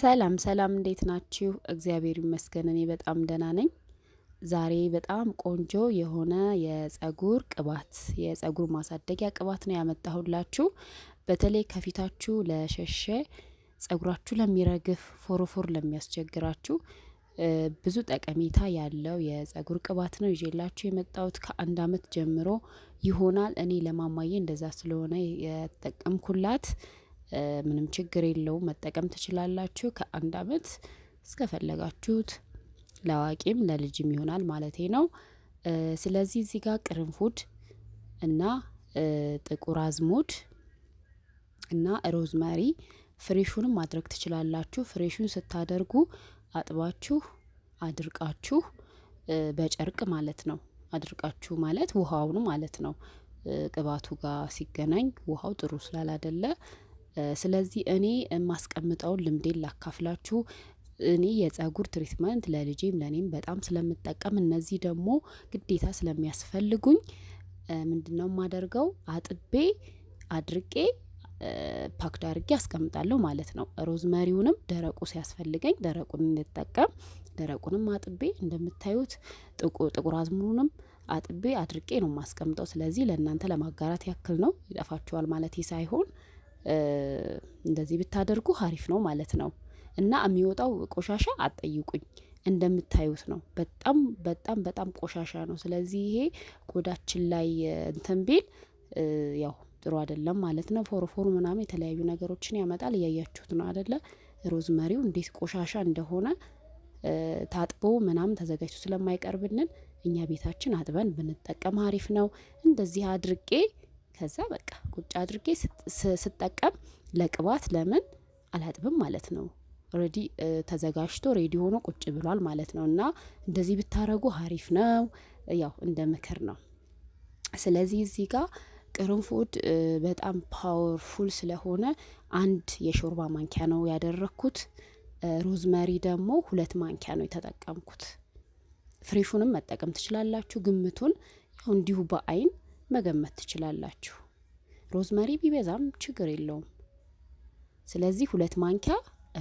ሰላም ሰላም፣ እንዴት ናችሁ? እግዚአብሔር ይመስገን እኔ በጣም ደህና ነኝ። ዛሬ በጣም ቆንጆ የሆነ የጸጉር ቅባት የጸጉር ማሳደጊያ ቅባት ነው ያመጣሁላችሁ። በተለይ ከፊታችሁ ለሸሸ ጸጉራችሁ ለሚረግፍ፣ ፎሮፎር ለሚያስቸግራችሁ ብዙ ጠቀሜታ ያለው የጸጉር ቅባት ነው ይዤላችሁ የመጣሁት። ከአንድ አመት ጀምሮ ይሆናል እኔ ለማማዬ እንደዛ ስለሆነ የተጠቀምኩላት ምንም ችግር የለውም መጠቀም ትችላላችሁ። ከአንድ አመት እስከፈለጋችሁት ለአዋቂም ለልጅም ይሆናል ማለቴ ነው። ስለዚህ እዚህ ጋር ቅርንፉድ እና ጥቁር አዝሙድ እና ሮዝመሪ ፍሬሹንም ማድረግ ትችላላችሁ። ፍሬሹን ስታደርጉ አጥባችሁ አድርቃችሁ በጨርቅ ማለት ነው። አድርቃችሁ ማለት ውሃውን ማለት ነው። ቅባቱ ጋር ሲገናኝ ውሃው ጥሩ ስላላደለ ስለዚህ እኔ የማስቀምጠውን ልምዴን ላካፍላችሁ። እኔ የፀጉር ትሪትመንት ለልጄም ለእኔም በጣም ስለምጠቀም እነዚህ ደግሞ ግዴታ ስለሚያስፈልጉኝ ምንድነው የማደርገው አጥቤ አድርቄ ፓክድ አድርጌ አስቀምጣለሁ ማለት ነው። ሮዝመሪውንም ደረቁ ሲያስፈልገኝ ደረቁን እንድጠቀም ደረቁንም አጥቤ እንደምታዩት ጥቁር አዝሙኑንም አጥቤ አድርቄ ነው የማስቀምጠው ስለዚህ ለእናንተ ለማጋራት ያክል ነው ይጠፋችኋል ማለት ሳይሆን እንደዚህ ብታደርጉ ሀሪፍ ነው ማለት ነው። እና የሚወጣው ቆሻሻ አጠይቁኝ እንደምታዩት ነው። በጣም በጣም በጣም ቆሻሻ ነው። ስለዚህ ይሄ ቆዳችን ላይ እንትን ቢል ያው ጥሩ አይደለም ማለት ነው። ፎርፎር ምናምን የተለያዩ ነገሮችን ያመጣል። እያያችሁት ነው አደለ? ሮዝመሪው እንዴት ቆሻሻ እንደሆነ ታጥቦ ምናምን ተዘጋጅቶ ስለማይቀርብልን እኛ ቤታችን አጥበን ብንጠቀም አሪፍ ነው። እንደዚህ አድርጌ ከዛ በቃ ቁጭ አድርጌ ስጠቀም ለቅባት ለምን አላጥብም ማለት ነው። ኦልሬዲ ተዘጋጅቶ ሬዲ ሆኖ ቁጭ ብሏል ማለት ነው። እና እንደዚህ ብታረጉ አሪፍ ነው። ያው እንደ ምክር ነው። ስለዚህ እዚህ ጋር ቅርንፉድ በጣም ፓወርፉል ስለሆነ አንድ የሾርባ ማንኪያ ነው ያደረግኩት። ሮዝመሪ ደግሞ ሁለት ማንኪያ ነው የተጠቀምኩት። ፍሬሹንም መጠቀም ትችላላችሁ። ግምቱን እንዲሁ በአይን መገመት ትችላላችሁ። ሮዝመሪ ቢበዛም ችግር የለውም። ስለዚህ ሁለት ማንኪያ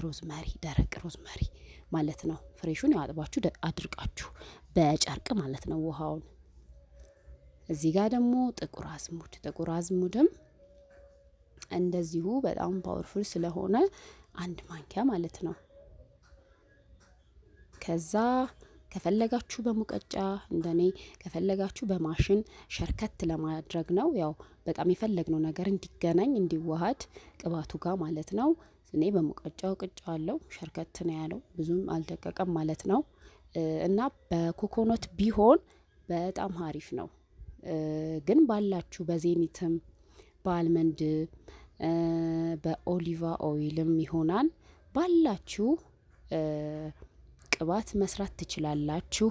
ሮዝመሪ ደረቅ ሮዝመሪ ማለት ነው። ፍሬሹን ያጥባችሁ አድርቃችሁ በጨርቅ ማለት ነው ውሃውን። እዚህ ጋር ደግሞ ጥቁር አዝሙድ ጥቁር አዝሙድም እንደዚሁ በጣም ፓወርፉል ስለሆነ አንድ ማንኪያ ማለት ነው። ከዛ ከፈለጋችሁ በሙቀጫ እንደኔ ከፈለጋችሁ በማሽን ሸርከት ለማድረግ ነው። ያው በጣም የፈለግነው ነገር እንዲገናኝ እንዲዋሃድ ቅባቱ ጋር ማለት ነው። እኔ በሙቀጫው ቅጫ አለው ሸርከት ነው ያለው ብዙም አልደቀቀም ማለት ነው። እና በኮኮኖት ቢሆን በጣም አሪፍ ነው። ግን ባላችሁ በዜኒትም በአልመንድ በኦሊቫ ኦይልም ይሆናል ባላችሁ ቅባት መስራት ትችላላችሁ።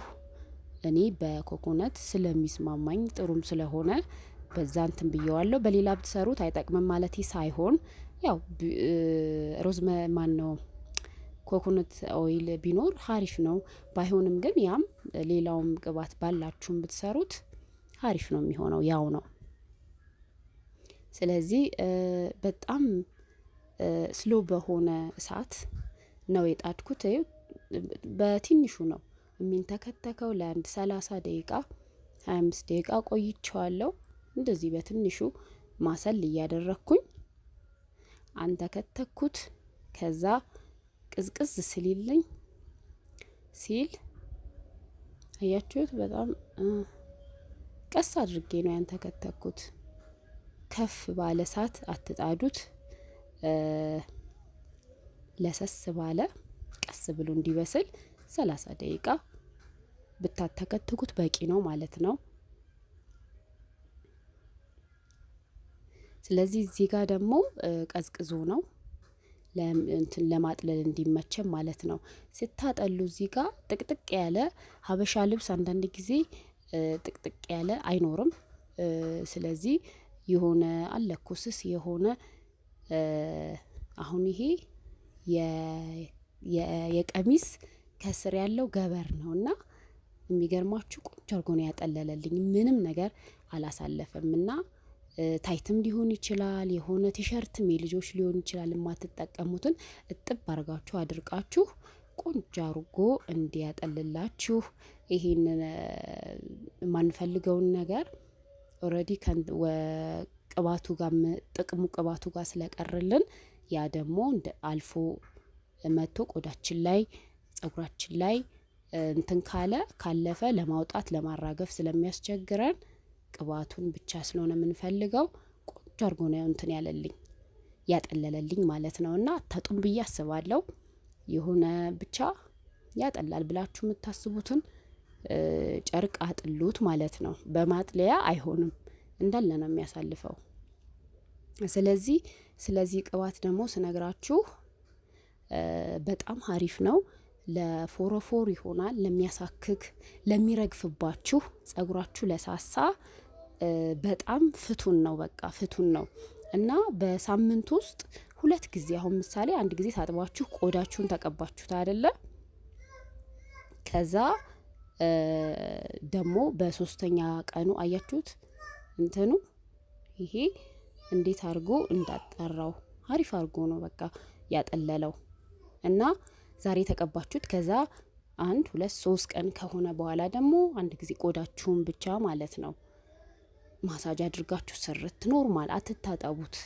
እኔ በኮኮነት ስለሚስማማኝ ጥሩም ስለሆነ በዛ እንትን ብየዋለሁ። በሌላ ብትሰሩት አይጠቅምም ማለት ሳይሆን ያው ማን ነው ኮኮነት ኦይል ቢኖር ሀሪፍ ነው። ባይሆንም ግን ያም ሌላውም ቅባት ባላችሁም ብትሰሩት ሀሪፍ ነው የሚሆነው ያው ነው። ስለዚህ በጣም ስሎ በሆነ እሳት ነው የጣድኩት በትንሹ ነው የሚንተከተከው። ለአንድ ሰላሳ ደቂቃ 25 ደቂቃ ቆይቸዋለሁ። እንደዚህ በትንሹ ማሰል እያደረግኩኝ አንተከተኩት። ከዛ ቅዝቅዝ ስሊልኝ ሲል አያችሁት? በጣም ቀስ አድርጌ ነው ያንተከተኩት። ከፍ ባለ እሳት አትጣዱት፣ ለሰስ ባለ ቀስ ብሎ እንዲበስል 30 ደቂቃ ብታተከትኩት በቂ ነው ማለት ነው። ስለዚህ እዚህ ጋር ደግሞ ቀዝቅዞ ነው እንትን ለማጥለል እንዲመቸም ማለት ነው። ስታጠሉ እዚህ ጋር ጥቅጥቅ ያለ ሀበሻ ልብስ አንዳንድ ጊዜ ጥቅጥቅ ያለ አይኖርም። ስለዚህ የሆነ አለኩስስ የሆነ አሁን ይሄ የቀሚስ ከስር ያለው ገበር ነው እና የሚገርማችሁ ቆንጆ አድርጎ ነው ያጠለለልኝ። ምንም ነገር አላሳለፈም እና ታይትም ሊሆን ይችላል የሆነ ቲሸርትም የልጆች ሊሆን ይችላል። የማትጠቀሙትን እጥብ አድርጋችሁ አድርቃችሁ ቆንጆ አድርጎ እንዲያጠልላችሁ ይሄን የማንፈልገውን ነገር ኦልሬዲ ቅባቱ ጋር ጥቅሙ ቅባቱ ጋር ስለቀርልን ያ ደግሞ አልፎ መጥቶ ቆዳችን ላይ ጸጉራችን ላይ እንትን ካለ ካለፈ ለማውጣት ለማራገፍ ስለሚያስቸግረን ቅባቱን ብቻ ስለሆነ የምንፈልገው ቆንጆ አርጎ ነው እንትን ያለልኝ ያጠለለልኝ ማለት ነው። እና አታጡም ብዬ አስባለሁ። የሆነ ብቻ ያጠላል ብላችሁ የምታስቡትን ጨርቅ አጥሉት ማለት ነው። በማጥለያ አይሆንም እንዳለ ነው የሚያሳልፈው። ስለዚህ ስለዚህ ቅባት ደግሞ ስነግራችሁ በጣም አሪፍ ነው። ለፎረፎር ይሆናል፣ ለሚያሳክክ፣ ለሚረግፍባችሁ ጸጉራችሁ ለሳሳ በጣም ፍቱን ነው። በቃ ፍቱን ነው እና በሳምንት ውስጥ ሁለት ጊዜ አሁን ምሳሌ አንድ ጊዜ ታጥባችሁ ቆዳችሁን ተቀባችሁት አይደለ? ከዛ ደግሞ በሶስተኛ ቀኑ አያችሁት እንትኑ ይሄ እንዴት አድርጎ እንዳጠራው አሪፍ አድርጎ ነው በቃ ያጠለለው። እና ዛሬ የተቀባችሁት ከዛ አንድ ሁለት ሶስት ቀን ከሆነ በኋላ ደግሞ አንድ ጊዜ ቆዳችሁን ብቻ ማለት ነው ማሳጅ አድርጋችሁ ስርት ኖርማል አትታጠቡት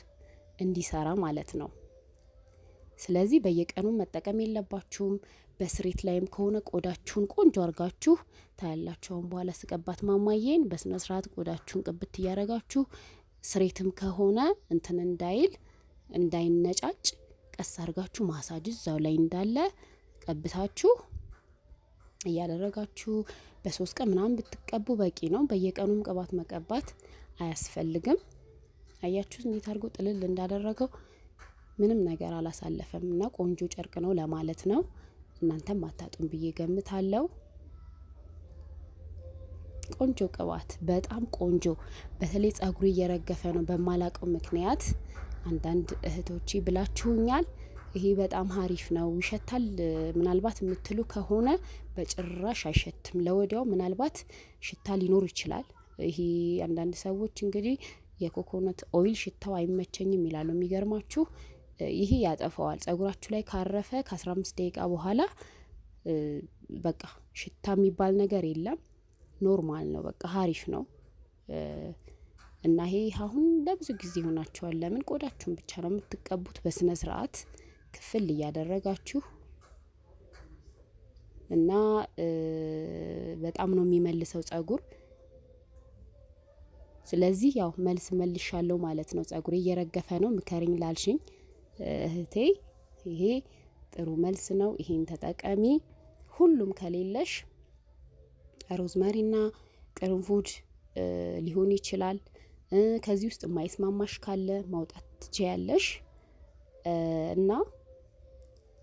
እንዲሰራ ማለት ነው። ስለዚህ በየቀኑ መጠቀም የለባችሁም። በስሬት ላይም ከሆነ ቆዳችሁን ቆንጆ አርጋችሁ ታያላችሁን። በኋላ ስቀባት ማማዬን በስነ ስርዓት ቆዳችሁን ቅብት እያረጋችሁ ስሬትም ከሆነ እንትን እንዳይል እንዳይነጫጭ ቀስ አድርጋችሁ ማሳጅ እዛው ላይ እንዳለ ቀብታችሁ እያደረጋችሁ በሶስት ቀን ምናምን ብትቀቡ በቂ ነው። በየቀኑም ቅባት መቀባት አያስፈልግም። አያችሁ እንዴት አድርጎ ጥልል እንዳደረገው ምንም ነገር አላሳለፈም እና ቆንጆ ጨርቅ ነው ለማለት ነው። እናንተም አታጡም ብዬ ገምታለው። ቆንጆ ቅባት፣ በጣም ቆንጆ። በተለይ ጸጉሬ እየረገፈ ነው በማላቀው ምክንያት አንዳንድ እህቶች ብላችሁኛል ይሄ በጣም ሀሪፍ ነው ይሸታል ምናልባት የምትሉ ከሆነ በጭራሽ አይሸትም። ለወዲያው ምናልባት ሽታ ሊኖር ይችላል። ይሄ አንዳንድ ሰዎች እንግዲህ የኮኮነት ኦይል ሽታው አይመቸኝም ይላሉ። የሚገርማችሁ ይሄ ያጠፈዋል። ጸጉራችሁ ላይ ካረፈ ከ15 ደቂቃ በኋላ በቃ ሽታ የሚባል ነገር የለም። ኖርማል ነው። በቃ ሀሪፍ ነው። እና ይሄ አሁን ለብዙ ጊዜ ሆናችኋል ለምን ቆዳችሁን ብቻ ነው የምትቀቡት በስነ ስርዓት ክፍል እያደረጋችሁ እና በጣም ነው የሚመልሰው ፀጉር። ስለዚህ ያው መልስ መልሻለሁ ማለት ነው። ፀጉሬ እየረገፈ ነው ምከሪኝ ላልሽኝ እህቴ ይሄ ጥሩ መልስ ነው። ይሄን ተጠቀሚ። ሁሉም ከሌለሽ ሮዝመሪና ቅርንፉድ ሊሆን ይችላል። ከዚህ ውስጥ የማይስማማሽ ካለ ማውጣት ትችያለሽ እና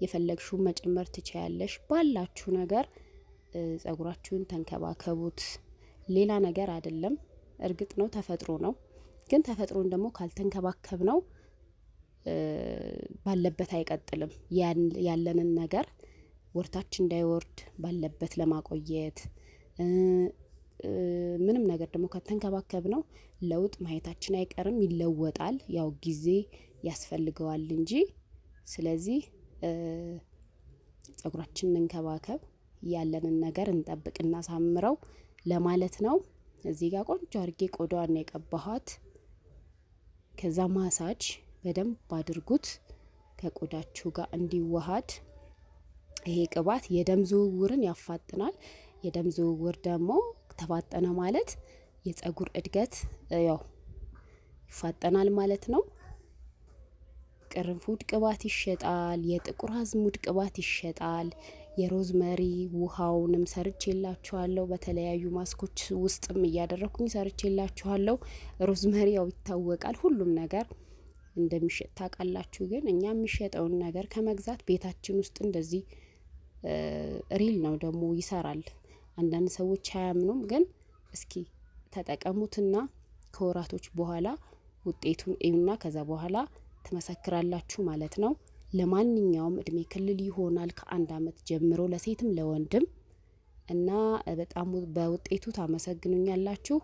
የፈለግሽውን መጨመር ትችያለሽ። ባላችሁ ነገር ጸጉራችሁን ተንከባከቡት። ሌላ ነገር አይደለም። እርግጥ ነው ተፈጥሮ ነው፣ ግን ተፈጥሮን ደግሞ ካልተንከባከብ ነው ባለበት አይቀጥልም። ያለንን ነገር ወርታችን እንዳይወርድ ባለበት ለማቆየት ምንም ነገር ደግሞ ከተንከባከብ ነው ለውጥ ማየታችን አይቀርም ይለወጣል ያው ጊዜ ያስፈልገዋል እንጂ። ስለዚህ ጸጉራችን እንከባከብ ያለንን ነገር እንጠብቅ እናሳምረው ለማለት ነው። እዚህ ጋር ቆንጆ አድርጌ ቆዳዋን የቀባኋት። ከዛ ማሳጅ በደንብ አድርጉት ከቆዳችሁ ጋር እንዲዋሃድ። ይሄ ቅባት የደም ዝውውርን ያፋጥናል። የደም ዝውውር ደግሞ ተፋጠነ ማለት የፀጉር እድገት ያው ይፋጠናል ማለት ነው። ቅርንፉድ ቅባት ይሸጣል፣ የጥቁር አዝሙድ ቅባት ይሸጣል። የሮዝመሪ ውሃውንም ሰርች የላችኋለሁ። በተለያዩ ማስኮች ውስጥም እያደረኩኝ ሰርች የላችኋለሁ። ሮዝመሪ ያው ይታወቃል፣ ሁሉም ነገር እንደሚሸጥ ታውቃላችሁ። ግን እኛ የሚሸጠውን ነገር ከመግዛት ቤታችን ውስጥ እንደዚህ ሪል ነው ደግሞ ይሰራል አንዳንድ ሰዎች አያምኑም። ግን እስኪ ተጠቀሙትና ከወራቶች በኋላ ውጤቱን እዩና ከዛ በኋላ ትመሰክራላችሁ ማለት ነው። ለማንኛውም እድሜ ክልል ይሆናል ከአንድ አመት ጀምሮ ለሴትም ለወንድም እና በጣም በውጤቱ ታመሰግኑኛላችሁ።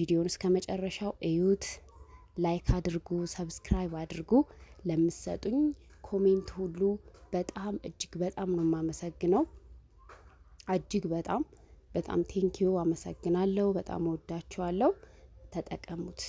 እስከ እስከመጨረሻው እዩት፣ ላይክ አድርጉ፣ ሰብስክራይብ አድርጉ። ለምትሰጡኝ ኮሜንት ሁሉ በጣም እጅግ በጣም ነው የማመሰግነው። እጅግ በጣም በጣም ቴንኪዩ አመሰግናለሁ። በጣም ወዳችኋለሁ። ተጠቀሙት።